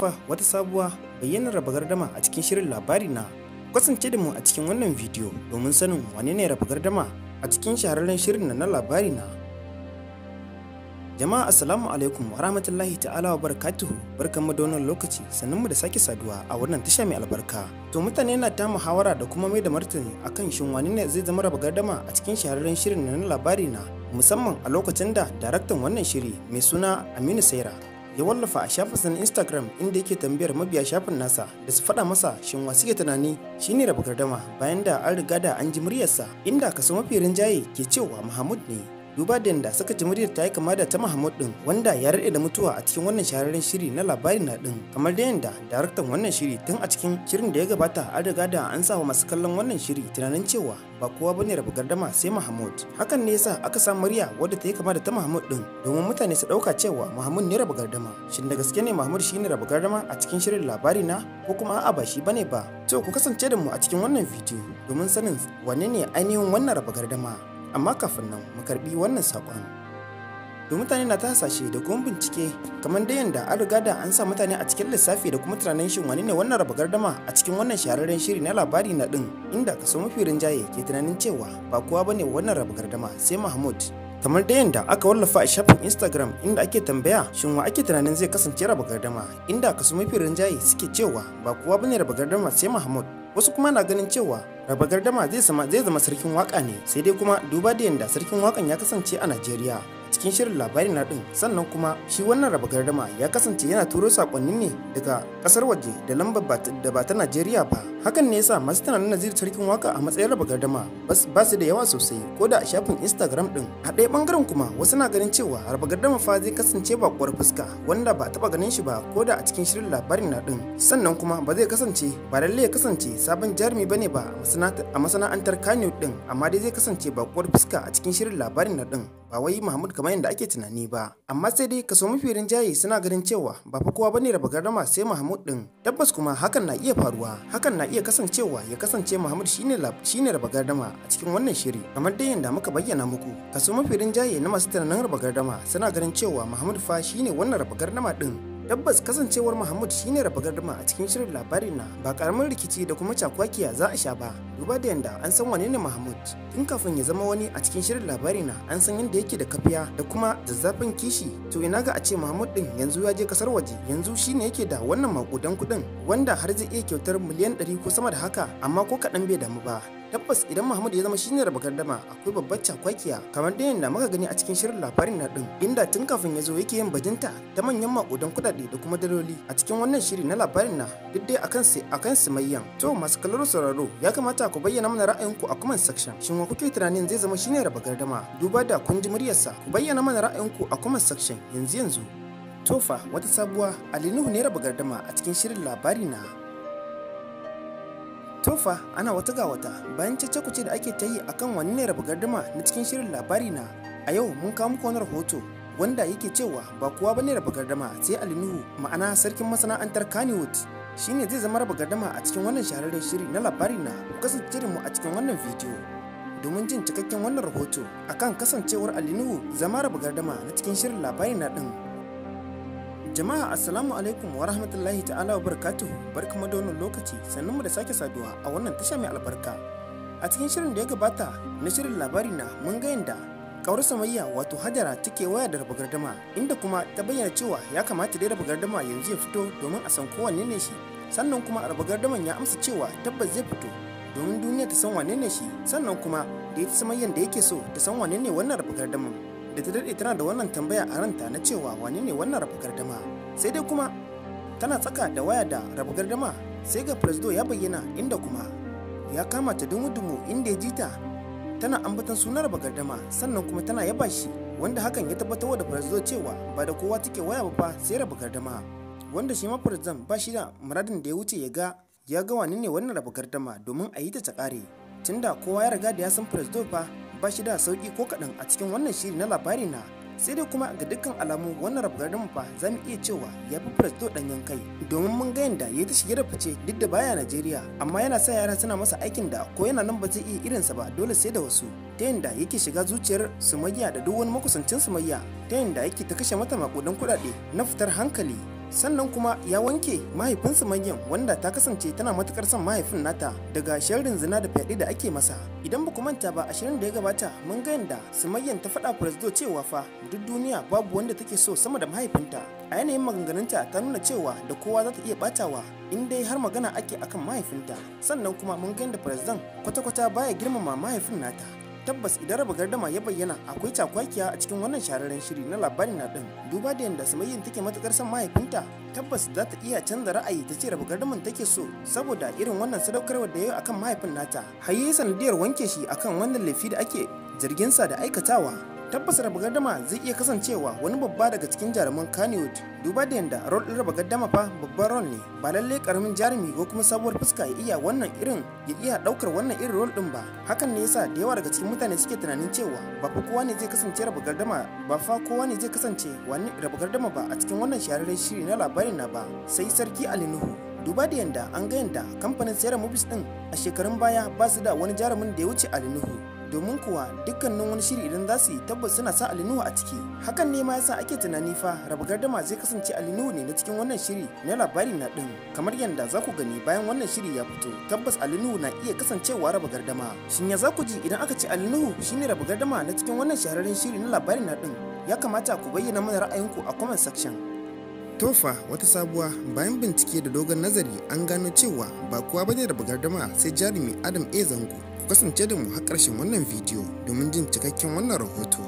fa wata sabuwa bayyanar raba gardama a cikin shirin labari na Kwasance da mu a cikin wannan bidiyo domin sanin wane ne raba gardama a cikin shahararren shirin na labari na jama'a assalamu alaikum wa rahmatullahi ta'ala wa barakatuhu mu da wannan lokaci sannan mu da sake saduwa a wannan tasha mai albarka to mutane na ta muhawara da kuma mai da martani akan shin wani ne zai zama raba gardama a cikin shahararren shirin na labari na musamman a lokacin da daraktan wannan shiri mai suna Aminu Saira ya wallafa a shafinsa na Instagram inda yake tambayar mabiya shafin nasa da su faɗa masa shin wa suke tunani shine rabu gardama bayan da an riga da an ji muryarsa inda kaso mafi rinjaye ke cewa Muhammad ne. duba da yadda saka muryar ta yi kama da ta mahmud din wanda ya rade da mutuwa a cikin wannan shahararren shiri na labarin na din kamar da yadda daraktan wannan shiri tun a cikin shirin da ya gabata an riga da an sa wa masu kallon wannan shiri tunanin cewa ba kowa bane rabu gardama sai mahmud hakan ne yasa aka samu murya wadda ta yi kama da ta mahmud din domin mutane su dauka cewa mahmud ne rabu gardama shin da gaske ne mahmud shine rabu gardama a cikin shirin labari na ko kuma a'a ba shi bane ba to ku kasance da mu a cikin wannan bidiyo domin sanin wane ne ainihin wannan rabu gardama amma kafin nan mu karbi wannan saƙon to mutane na ta hasashe da kuma bincike kamar da yadda an riga da an sa mutane a cikin lissafi da kuma tunanin shin wani ne wannan raba gardama a cikin wannan shahararren shiri na labari na din inda kaso mafi rinjaye ke tunanin cewa ba kowa bane wannan raba gardama sai mahmud kamar da yadda aka wallafa a shafin instagram inda ake tambaya shin wa ake tunanin zai kasance raba gardama inda kaso mafi rinjaye suke cewa ba kowa bane raba gardama sai mahmud wasu kuma na ganin cewa raba gardama zai zama sarkin waka ne sai dai kuma duba da yadda sarkin wakan ya kasance a najeriya cikin shirin labarin na din sannan kuma shi wannan raba gardama ya kasance yana turo sakonni ne daga kasar waje da lambar da ba ta Najeriya ba hakan ne yasa masu tunanin Nazir sarkin waka a matsayin raba gardama ba su da yawa sosai ko da a shafin Instagram din a ɗaya bangaren kuma wasu na ganin cewa raba gardama fa zai kasance bakuwar fuska wanda ba taba ganin shi ba ko da a cikin shirin labarin na din sannan kuma ba zai kasance ba lalle ya kasance sabon jarumi bane ba a a masana'antar kano din amma dai zai kasance bakuwar fuska a cikin shirin labarin na din ba wai mahmud kamar yadda ake tunani ba amma sai dai kaso mafi rinjaye suna ganin cewa ba fa kowa bane raba gardama sai mahmud din tabbas kuma hakan na iya faruwa hakan na iya kasancewa ya kasance mahmud shine shine raba gardama a cikin wannan shiri kamar dai yadda muka bayyana muku kaso mafi rinjaye na masu tunanin raba gardama suna ganin cewa mahmud fa shine wannan raba gardama din tabbas kasancewar muhammad shine raba gardama a cikin shirin labarin na ba karamin rikici da kuma cakwakiya za a sha ba duba da yanda an san wane ne muhammad tun kafin ya zama wani a cikin shirin labarin na an san yanda yake da kafiya da kuma zazzafin kishi to ina ga a ce muhammad din yanzu ya je kasar waje yanzu shine yake da wannan makudan kuɗin wanda har zai iya kyautar miliyan 100 ko sama da haka amma ko kaɗan bai damu ba tabbas idan Muhammad ya zama shi ne raba dama akwai babbar cakwakiya kamar da yadda muka gani a cikin shirin labarin na din inda tun kafin ya zo yake yin bajinta ta manyan makudan kudade da kuma daloli a cikin wannan shiri na labarin na duk dai akan sai akan su mayyan to masu kallon sauraro ya kamata ku bayyana mana ra'ayinku a comment section shin wa kuke tunanin zai zama shi ne raba dama duba da kun ji muryarsa ku bayyana mana ra'ayinku a comment section yanzu yanzu tofa wata sabuwa alinuhu ne raba dama a cikin shirin labari na tofa ana wata ga wata bayan cece da ake ta yi akan wani ne rabu gardama na cikin shirin labari na a yau mun kawo muku wani rahoto wanda yake cewa ba kowa bane rabu gardama sai alinuhu ma'ana sarkin masana'antar shi shine zai zama rabu gardama a cikin wannan shahararren shiri na labari na ku kasance mu a cikin wannan bidiyo domin jin cikakken wannan rahoto akan kasancewar alinuhu zama rabu gardama na cikin shirin labari na din Jama'a Assalamu alaikum wa rahmatullahi ta'ala wa barakatuhu kuma da wannan lokaci sannan mu da sake saduwa a wannan tasha mai albarka. A cikin shirin da ya gabata na shirin labari na mun ga yanda kawar samayya wato hadara take waya da raba gardama inda kuma ta bayyana cewa ya kamata dai raba gardama yanzu ya fito domin a san kowanne ne shi sannan kuma raba gardaman ya amsa cewa tabbas zai fito domin duniya ta san wane ne shi sannan kuma da ita samayyan da yake so ta san wane ne wannan raba gardaman. da ta daɗe tana da wannan tambaya a ranta na cewa wane ne wannan rabu gardama sai dai kuma tana tsaka da waya da rabu gardama sai ga presdo ya bayyana inda kuma ya kama ta dumu-dumu inda ya ji ta tana ambatan sunan rabu gardama sannan kuma tana yaba shi wanda hakan ya tabbatar da presdo cewa ba da kowa take waya ba fa sai rabu gardama wanda shi ma presdan ba shi da muradin da ya wuce ya ga ya ga wane ne wannan rabu gardama domin a yi ta ta tunda kowa ya riga da ya san presdo fa ba shi da sauki ko kaɗan a cikin wannan shiri na labari na sai dai kuma ga dukkan alamu wannan rabgarin ba za mu iya cewa ya fi presto ɗanyen kai domin mun ga yadda ya ta shige da fice duk da baya Najeriya amma yana sa yara suna masa aikin da ko yana nan ba zai iya irinsa ba dole sai da wasu ta yadda yake shiga zuciyar sumayya da duk wani makusancin sumayya ta yadda yake ta kashe mata maƙudan kuɗaɗe na fitar hankali sannan kuma ya wanke mahaifinsu manyan wanda ta kasance tana matukar son mahaifin nata daga sharrin zina da fyaɗe da ake masa idan ba ku manta ba a shirin da ya gabata mun ga yanda sumayyan ta faɗa presdo cewa fa duk duniya babu wanda take so sama da mahaifinta a yanayin maganganunta ta nuna cewa da kowa za ta iya ɓatawa. in dai har magana ake akan mahaifinta sannan kuma mun ga yanda presdan kwata-kwata baya girmama mahaifin nata tabbas idan raba gardama ya bayyana akwai cakwakiya a cikin wannan shahararren shiri na labarin na din duba da yadda samayyin take matukar son mahaifinta tabbas za ta iya canza ra'ayi ta ce raba gardaman take so saboda irin wannan sadaukarwa da yau akan mahaifin nata har sanadiyar wanke shi akan wannan laifi da ake sa da aikatawa tabbas raba gardama zai iya kasancewa wani babba daga cikin jaruman Kannywood duba da yadda rol ɗin raba fa babban rol ne ba lalle karamin jarumi ko kuma sabuwar fuska ya iya wannan irin ya iya ɗaukar wannan irin rol ɗin ba hakan ne yasa da yawa daga cikin mutane suke tunanin cewa ba fa kowa ne zai kasance raba gardama ba fa kowa ne zai kasance wani ba a cikin wannan shahararren shiri na labarin na ba sai sarki Ali Nuhu duba da yadda an ga yadda kamfanin sayar movies ɗin a shekarun baya ba su da wani jarumin da ya wuce Ali Nuhu domin kuwa dukkanin wani shiri idan za su yi tabbas suna sa alinuwa a ciki hakan ne ma yasa ake tunani fa raba gardama zai kasance alinuhu ne na cikin wannan shiri na labari na din kamar yadda za ku gani bayan wannan shiri ya fito tabbas alinuwa na iya kasancewa raba gardama shin ya za ku ji idan aka ce shi shine raba gardama na cikin wannan shahararren shiri na labari na din ya kamata ku bayyana mana ra'ayinku a comment section tofa wata sabuwa bayan bincike da dogon nazari an gano cewa ba kowa bane da dama sai jarumi adam a zango kasance da mu har ƙarshen wannan bidiyo domin jin cikakken wannan rahoto.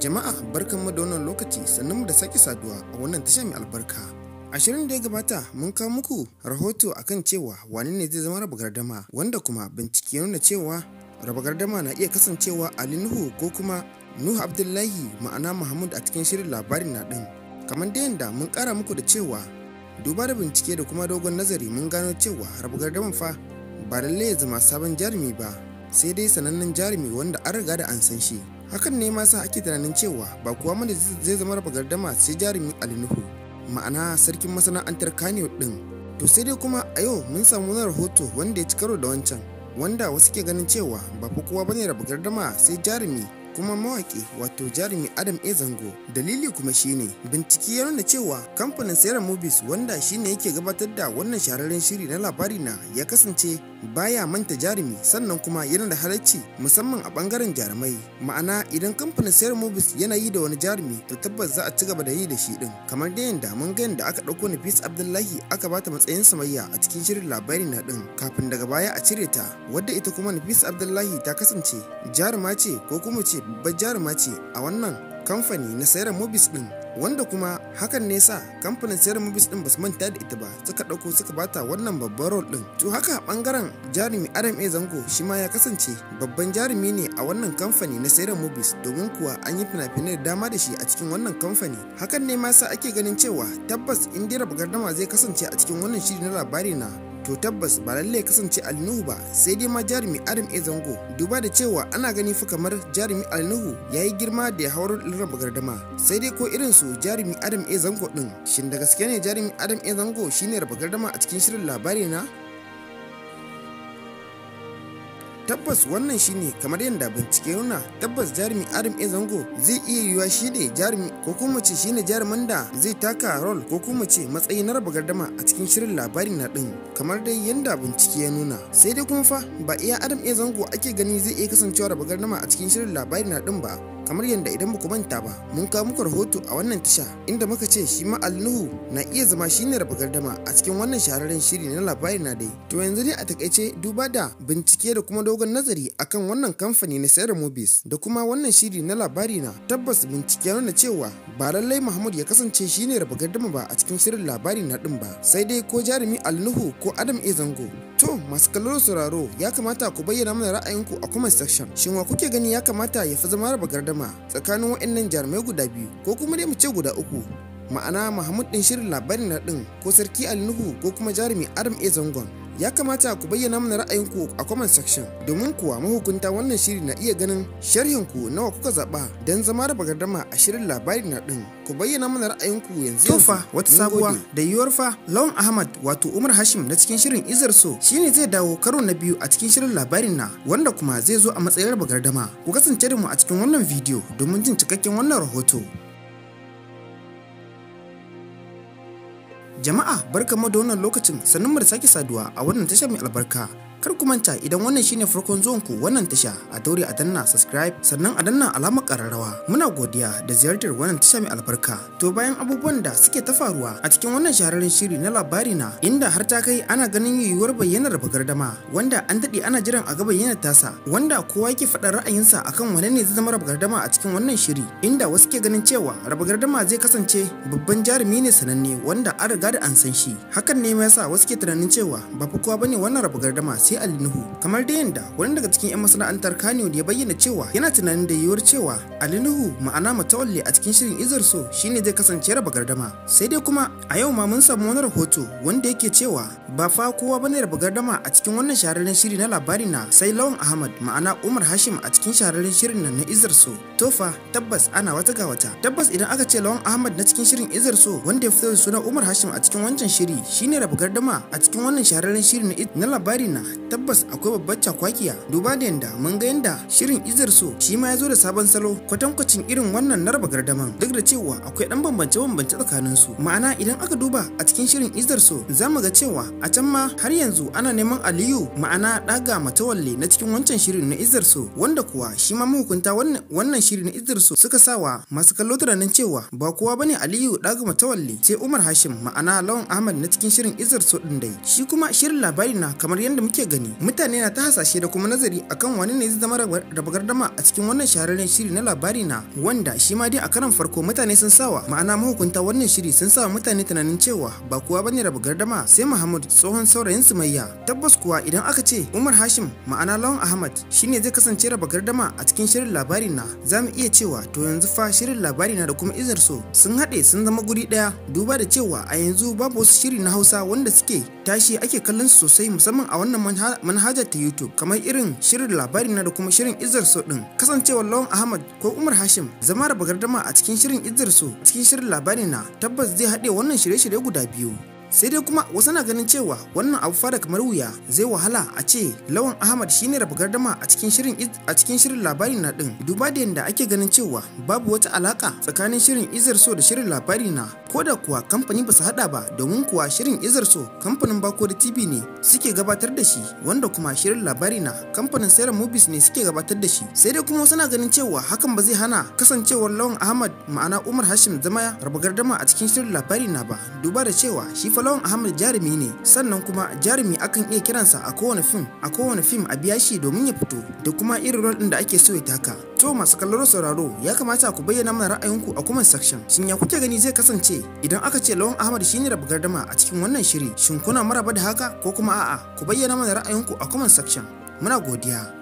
Jama'a barkanmu da wannan lokaci sannan mu da sake saduwa a wannan tashar mai albarka. A shirin da ya gabata mun kawo muku rahoto akan cewa wane ne zai zama raba gardama wanda kuma bincike ya nuna cewa raba gardama na iya kasancewa Ali Nuhu ko kuma Nuhu Abdullahi ma'ana Muhammad a cikin shirin labarin na ɗin. Kamar da yadda mun ƙara muku da cewa duba da bincike da kuma dogon nazari mun gano cewa harbu gardaman fa ba lalle ya zama sabon jarumi ba sai dai sanannen jarumi wanda an riga da an san shi hakan ne ma sa ake tunanin cewa ba kuwa mana zai zama raba gardama sai jarumi alinuhu ma'ana sarkin masana'antar Kano din to sai dai kuma a yau mun samu wani rahoto wanda ya ci karo da wancan wanda wasu ke ganin cewa ba fa kowa bane raba gardama sai jarumi kuma mawaki wato jarumi adam a zango dalili kuma shine bincike ya nuna cewa kamfanin sayar movies wanda shine yake gabatar da wannan shahararren shiri na labari na ya kasance baya manta jarumi sannan kuma yana da halarci musamman a bangaren jarumai ma'ana idan kamfanin sayar movies yana yi da wani jarumi to tabbas za a ci gaba da yi da shi din kamar da yadda mun ga da aka ɗauko nafis abdullahi aka bata matsayin samayya a cikin shirin labari na din kafin daga baya a cire ta wadda ita kuma nafis abdullahi ta kasance jaruma ce ko kuma ce babbar jaruma ce a wannan kamfani na sayar mobis din wanda kuma hakan ne sa kamfanin sayar mobis din basu manta da ita ba suka ɗauko suka bata wannan babban rol din to haka bangaren jarumi adam a zango shi ma ya kasance babban jarumi ne a wannan kamfani na sayar mobis domin kuwa an yi fina-finai da dama da shi a cikin wannan kamfani hakan ne ma sa ake ganin cewa tabbas indira bagardama zai kasance a cikin wannan shiri na labari na to tabbas ba lallai kasance alnuhu ba sai dai ma jarumi adam a zango duba da cewa ana gani fa kamar jarumi alnuhu ya yi girma da ya hawar raba bagardama sai dai ko irin su jarumi adam a zango din shin da gaske ne jarumi adam a zango shine rabagardama a cikin shirin labari na tabbas wannan shine kamar yadda bincike nuna tabbas jarumi adam a zango zai iya yiwuwa shi ne jarumi ko kuma ce shine jarumin da zai taka rol ko kuma ce matsayi na raba gardama a cikin shirin labari na din kamar dai yadda bincike ya nuna sai dai kuma fa ba iya adam a zango ake gani zai iya kasancewa raba gardama a cikin shirin labari na din ba kamar yadda idan ba manta ba mun kawo muku rahoto a wannan tasha inda muka ce shi ma alnuhu na iya zama shine raba gardama a cikin wannan shahararren shiri na labari na dai to yanzu ne a takaice duba da bincike da kuma dogon nazari akan wannan kamfani na sayar movies da kuma wannan shiri na labari na tabbas bincike na cewa ba lallai muhammad ya kasance shine raba gardama ba a cikin shirin labari na din ba sai dai ko jarumi alnuhu ko adam e zango. to masu kallon sauraro ya kamata ku bayyana mana ra'ayinku a comment section shin wa kuke gani ya kamata ya fi zama raba gardama gardama tsakanin waɗannan jarumai guda biyu ko kuma dai mu ce guda uku ma'ana mahmud din shirin labarin na din ko sarki alnuhu ko kuma jarumi adam a zangon ya kamata ku bayyana mana ra'ayinku a comment section domin kuwa mahukunta wannan shiri na iya ganin sharhinku nawa kuka zaɓa don zama da bagardama a shirin labari na ɗin ku bayyana mana ra'ayinku yanzu tofa wata sabuwa da yiwuwar fa lawan ahmad wato umar hashim na cikin shirin izar so shine zai dawo karo na biyu a cikin shirin labarin na wanda kuma zai zo a matsayin bagardama ku kasance da mu a cikin wannan bidiyo domin jin cikakken wannan rahoto Jama'a barka da wannan lokacin sanin mu da sake saduwa a wannan tashar mai albarka Kar ku manta idan wannan shine farkon zuwan ku wannan tasha a daure a danna subscribe sannan a danna alamar kararrawa. Muna godiya da ziyartar wannan tasha mai albarka. To bayan abubuwan da suke ta faruwa a cikin wannan shahararren shiri na labari na inda har ta kai ana ganin yiwuwar bayyanar bagardama wanda an daɗe ana jiran a ga bayyanar tasa wanda kowa yake faɗa ra'ayinsa akan wane ne zai zama rabagardama a cikin wannan shiri inda wasu ke ganin cewa rabagardama zai kasance babban jarumi ne sananne wanda an riga da an san shi. Hakan ne ma yasa wasu ke tunanin cewa ba fa kowa bane wannan rabagardama sai Ali Nuhu kamar dai yanda wani daga cikin 'yan masana'antar Kano ya bayyana cewa yana tunanin da yiwuwar cewa Ali Nuhu ma'ana matawalle a cikin shirin Izar So shine zai kasance raba gardama sai dai kuma a yau ma mun samu wani rahoto wanda yake cewa ba fa kowa bane raba gardama a cikin wannan shahararren shiri na labari na sai Lawan Ahmad ma'ana Umar Hashim a cikin shahararren shirin nan na Izar So to fa tabbas ana wata ga wata tabbas idan aka ce Lawan Ahmad na cikin shirin Izar So wanda ya fito da sunan Umar Hashim a cikin wancan shiri shine raba gardama a cikin wannan shahararren shiri na labari na tabbas akwai babbar cakwakiya duba da yanda mun ga yanda shirin izar so shi ma ya zo da sabon salo kwatankwacin irin wannan raba gardaman duk da cewa akwai dan bambance bambance tsakanin su ma'ana idan aka duba a cikin shirin izar so za mu ga cewa a can ma har yanzu ana neman aliyu ma'ana daga matawalle na cikin wancan shirin na izar so wanda kuwa shi ma mahukunta wannan shirin na izar so suka sawa masu kallo tunanin cewa ba kowa bane aliyu daga matawalle sai umar hashim ma'ana lawan ahmad na cikin shirin izar so din dai shi kuma shirin labari na kamar yadda muke gani mutane na ta hasashe da kuma nazari akan wani ne zai zama raba gardama a cikin wannan shahararren shiri na labari na wanda shi ma dai a karan farko mutane sun sawa ma'ana mahukunta wannan shiri sun sawa mutane tunanin cewa ba kuwa bane raba gardama sai Muhammad tsohon saurayin Sumayya tabbas kuwa idan aka ce Umar Hashim ma'ana Lawan Ahmad shine zai kasance raba gardama a cikin shirin labari na za mu iya cewa to yanzu fa shirin labari na da kuma izar so sun haɗe sun zama guri ɗaya duba da cewa a yanzu babu wasu shiri na Hausa wanda suke tashi ake kallon su sosai musamman a wannan manhajar ta YouTube kamar irin shirin labari na da kuma shirin Izar So din. Kasancewar Lawan Ahmad ko Umar Hashim zama da bagardama a cikin shirin Izar So cikin shirin labari na tabbas zai haɗe wannan shirye-shirye guda biyu. sai dai kuma wasu na ganin cewa wannan abu fada kamar wuya zai wahala a ce lawan ahmad shine rabu gardama a cikin shirin labari na din duba da yadda ake ganin cewa babu wata alaka tsakanin shirin izar so da shirin labari na ko da kuwa kamfani ba su hada ba domin kuwa shirin izar so kamfanin bako da tv ne suke gabatar da shi wanda kuma shirin labari na kamfanin sayar movies ne suke gabatar da shi sai dai kuma wasu na ganin cewa hakan ba zai hana kasancewar lawan ahmad ma'ana umar hashim zama rabu gardama a cikin shirin labari na ba duba da cewa shi Falawan Ahmad jarumi ne sannan kuma jarumi akan iya kiransa a kowane fim a kowane fim a biya shi domin ya fito da kuma irin rol ɗin da ake so ya taka. To masu kallon sauraro ya kamata ku bayyana mana ra'ayinku a comment section. Shin ya kuke gani zai kasance idan aka ce Lawan Ahmad shine rabu gardama a cikin wannan shiri? Shin kuna maraba da haka ko kuma a'a? Ku bayyana mana ra'ayinku a comment section. Muna godiya.